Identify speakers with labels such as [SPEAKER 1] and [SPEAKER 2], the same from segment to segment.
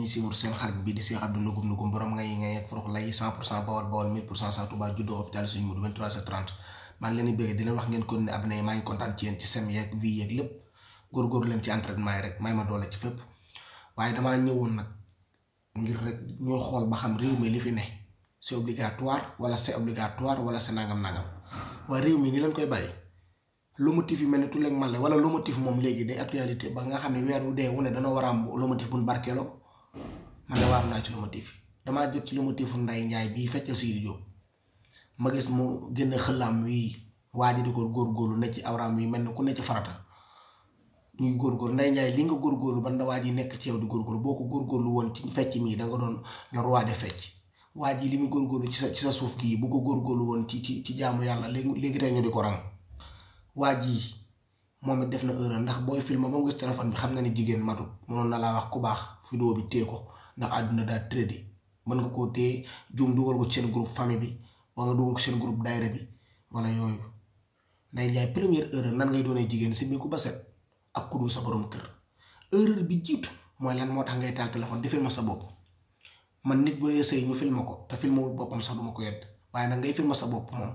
[SPEAKER 1] ñi ci wor seen xarit bi di si Abdou Nugum Nugum borom ngay ngay ak forox lay 100% bawol bawol 1000% sa tuba juddo hôpital Seigne Modou 2330 ma ngi leni beug bëgg di leen wax ngeen ko ne abnay ma ngi kontaan ci yeen ci sem yek vie yek lepp gor gor leen ci entraînement rek may ma doole ci fépp waye dama ñewoon nak ngir rek ñoo xol ba xam rew mi li fi ne c'est obligatoire wala c'est obligatoire wala c'est nangam nangam wa rew mi ni leen koy bàyyi lomotif yi melni ni tuleeg male wala motif mom légui day actualité ba nga xamni wéru dé wone dana wu ne danoo war a am lomotif buñ barkeeloo man de waar naa ci lomotif damaa jot ci lomotifu Nday Njaay bii feccal Sidi Diop ma gis mu génn xëllaam wii waa ji di ko góorgóorlu ne ci awraam wi mel na ku ne ci farata ñuy góorgóorlu Nday Njaay li nga góorgóorlu ban da waa ji nekk ci yow di góorgóorlu boo ko góorgóorlu woon ci fecc mii da nga doon la de fecc waa ji li mu góor ci sa ci sa suuf gii bu ko góorgóorlu woon ci ci ci jaamu yàlla léegi léegi tey ñu di ko ran waa ji moom def na erreur ndax booy film ba mu gis téléphone bi xam na ni jigéen matut mënoon na laa wax ku baax vidéo bi tee ko ndax aduna da trade man nga ko te djum dugal ko sen groupe famille bi wala dugal ko sen groupe daire bi wala yooyu nay njaay première heure nan ngay doone jigen si mi basset ak ku dul sa borom keur heure bi jiitu moy lan motax ngay tal telephone di filma sa bop man nit bu dee sey ñu filma ko ta te filmawul bopam sax duma ko yedd waye nak ngay filma sa bop mom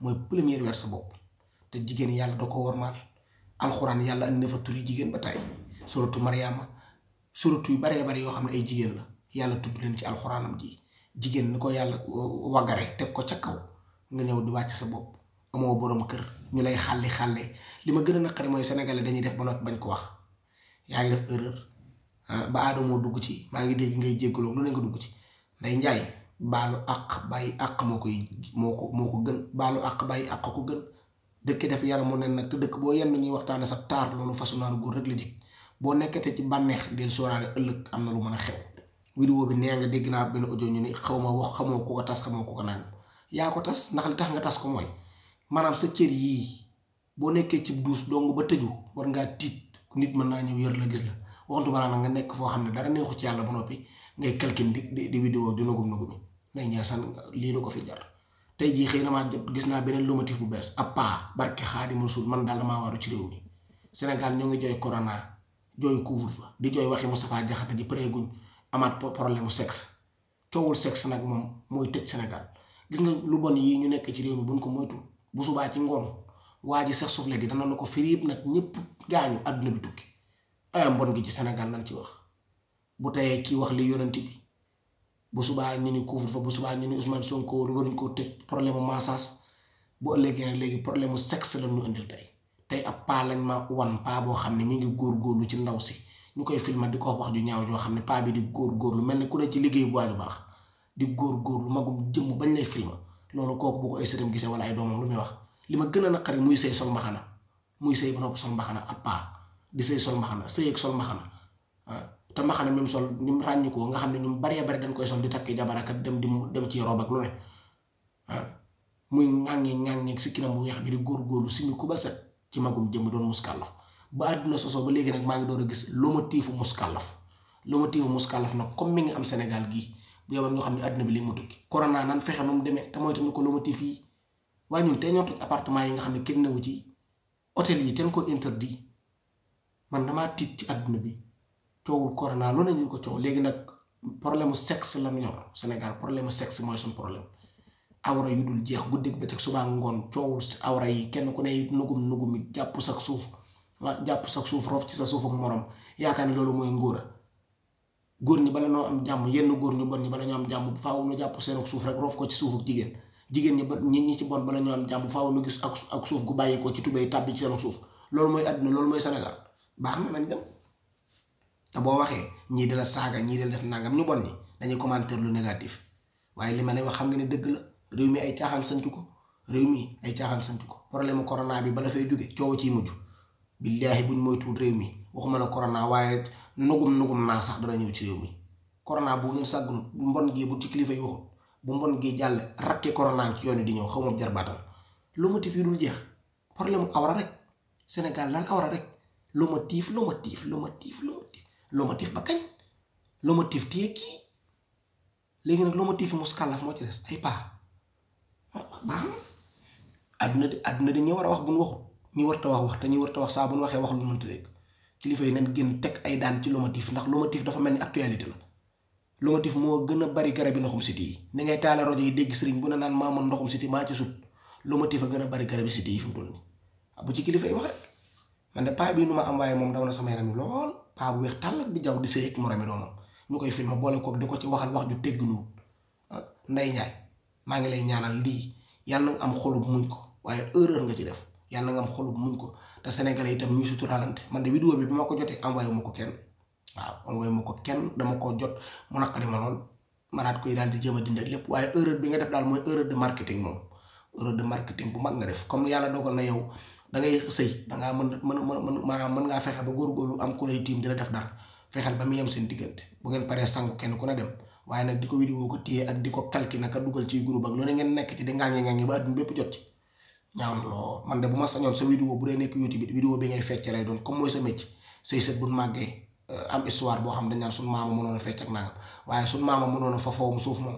[SPEAKER 1] moy première weer sa bop te jigen yalla dako wormal alcorane yalla yàlla indi fa turi jigen ba tey suratu maryama suratu yu baree bari yoo xam ne ay jigéen la yàlla tudd leen ci alxuraanam ji jigéen ni ko yàlla uh, waggare teg ko ca kaw nga ñëw di wàcc sa bopp amoo boroom kër ñu lay xàlli xàlle li ma gën a naqari mooy sénégalais dañuy def ba noppi bañ ko wax yaa ngi def erreur ah, ba aadamoo dugg ci maa ngi dégg ngay jéggaloo lu ne nga dugg ci nday njaay baalu àq bàyyi àq moo koy moo ko moo ko gën baalu àq bàyyi àq ko gën dëkk def yaramu nen nag te dëkk boo yenn ñuy waxtaane sa taar loolu fasunaaru góor rek la jik bo nekete ci banex del sóoraale euleuk amna lu meuna xew vidéo bi nee nga na ben audio ñu ni xawma wax xamoo ko ko tas xamoo ko ko nang ya ko tas nak li tax nga tas ko moy manam sa cieur yi bo nekke ci douce dong ba teju war nga tit nit meuna ñew yeur la gis la waxtu bana nga nek fo xamne dara neexu ci yalla ba ngay kalkin di di di vidéo di nugum nugumi nay ñaasan li lu ko fi jar tay ji xeyna ma maa jot gis naa beneen lomotif bu bes ab barke Xaadimu Rasuul man dal ma waru ci rew mi senegal ñu ngi joy corona jooyu couvre-feu di jooy waxi Moustapha Diakhaté ji pareeguñ amaat problème mu sexe coowul sexe nag moom mooy tëj Sénégal gis nga lu bon yii ñu nekk ci réew mi buñ ko moytu bu subaa ci ngoon waa ji sax suufle gi dana na ko firiib nag ñëpp gaañu àdduna bi tukki ayam bon gi ci senegal nañ ci wax bu teyee kii wax li yonent bi bu subaa ñu ni couvre-feu bu subaa ñu ni Ousmane Sonko waruñ koo tëj problème mu massage bu ëllëgee nag léegi problème mu sexe la ñu tay ap pa lañ ma wan paa boo xam ne mi gor góorgóorlu ci ndaw si ñu koy filma di ko wax ju ñaaw jo xamni pa bi di gor lu, ni ku ne ci liggey bu baax di góorgóorlu magum jëm bañ lay film lolu koku bu ko ay sëriñ gisee wala ay doom lu mi wax li ma na xari muy sey sol mbaxana muy sey bu nopp sol mbaxana ap pa di sey sol mbaxana sey ak sol mbaxana ah. ta mbaxana mi sol ni mu ko nga xamni ne bari bari dañ koy sol di takki ak dem di dem ci rob ak lu ne ah. muy ngang ngang ngang kinam bu wex bi di gor si mi ku ba set ci magum jëmm doon muskàllaf ba àdduna sosoo ba léegi nag maa ngi door a gis lomotiifu muskàllaf lomotiifu muskàllaf nag comme mi ngi am Sénégal gi bu yow ñoo xam ne àdduna bi li mu tukki corona nan fexe nu mu demee te moytu ni ko lomotiif yi waaye ñun tey ñoo toj apartement yi nga xam ne kenn newu ci hôtel yi ten ko interdit man dama tiit ci àdduna bi coowul corona lu ne ñu ko coow léegi nag problème mu sexe lan yor Sénégal problème mu sexe mooy suñu problème awra yu dul jeex guddeeg bëccëg suba ngon coowul awra yi kenn ku ne nugum nugum it jàpp sa suuf japp sak suuf rof ci sa suuf ak morom yaakaar ne gur mooy ngóora góor bala am jamu yenn gor ñu bon ni bala am jamm faaw nu japp seen ak suuf rek rof ko ci suuf ak jigen jigen ñi ñi ñi ci bon bala am jamm faaw nu gis ak ak suuf gu baye ko ci tubey tabbi ci seen suuf lolu moy aduna lolu moy senegal baax na lañ dem ta bo waxe ñi dala saga ñi dala def nangam ñu bon ni dañuy commentaire lu negatif waye li ne wax xam nga ni deug la réew mi ay caaxaan santu ko réew mi ay caaxaan santu ko problème corona bi bala fay jóge coow ciy mujj billaahi buñ moytuwul réew mi waxuma la corona waaye nugum nugum naa sax dana ñëw ci réew mi corona bu ngeen sàggunut bu mbon gii bu ci kilifa yi waxut bu mbon gii jàll rakke corona ci yoon yi di ñëw xaw ma jarbaatam lomotif yi dul jeex problème mu awra rek Sénégal daal awra rek lomotif lomotif lomotif lomotif lomotif ba kañ lomotif téye moo ci des baax na àdduna de àdduna de ñi war a wax bu ñu waxut ñi war ta wax wax te ñi war ta wax saa bu ñu waxee wax lu mënta dégg kilifa yi nañ gën teg ay daan ci lomotif ndax lomotif dafa mel ni actualité la lomotif moo gën a bari garabi ndoxum siti yi ni ngay taale yi dégg sëriñ bu ne naan maamoon ndoxum siti maa ci sut lomotif a gën a bari garabi siti yi fi mu toll nii ah, bu ci kilifa yi wax rek man de paa bii nu ma am waaye moom daw na sama yaram yi lool paa bu weex tàll bi jaw di sëy ak moroomi doomam ñu koy ma boole koog di ko ci waxal wax ju tegg nuut ah, nday ñaay maa ngi lay ñaanal lii yàlla nga am xolub muñ ko waaye erreur nga ci def yàlla nga am xolub muñ ko te sénégalais itam ñuy suturaalante man de vidéo bi bi ma ko jotee envoyé ma ko kenn waaw envoyé ko kenn dama ko jot mu naqari ma lool ma koy daal di jëm a dindi lépp waaye erreur bi nga def daal mooy erreur de marketing moom erreur de marketing bu mag nga def comme yàlla dogal na yow da ngay sëy da ngaa mën mën mën maanaam mën ngaa fexe ba góorgóorlu am ku lay tiim dina def dara fexeel ba mu yem seen diggante bu ngeen paree sangu kenn ku ne dem waaye nag di ko vidéo ko téye ak di ko kalki naka dugal ci groupe ak loolu ngeen nekk ci di ngànge ngànge ba àdduna bépp jot ci ñaaw ma sañoon sa vidéo bu nekk YouTube it vidéo bi ngay fecc lay doon comme mooy sa métier say sët buñ màggee euh, am histoire boo xam dañ naan suñ maama mënoon a fecc ak nangam waaye suñ maama mënoon a fa fawum suuf moom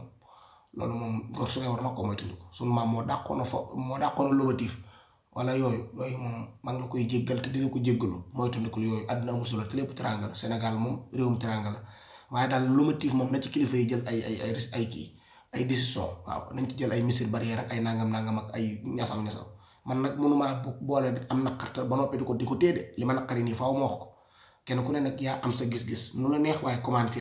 [SPEAKER 1] loolu moom gor su ne war na ko moytandiku suñ maam moo dàqoon a fa moo dàqoon a lobatif wala yooyu yooyu moom maa ngi la koy jéggal te dina ko jéggalu moytandikul yooyu àdduna amul solo te lépp teranga la Sénégal moom réewum teranga la waaye daal lomotif moom na ci kilifa yi jël ay ay ay ay kii ay décision waaw nañ ci jël ay mesures barrières ak ay nangam nangam ak ay ñasaw ñasaw man nag mënumaa boole am naqar ba noppi di ko di ko téede li ma naqari nii faaw ma wax ko kenn ku ne nag yaa am sa gis-gis nu la neex waaye commenté.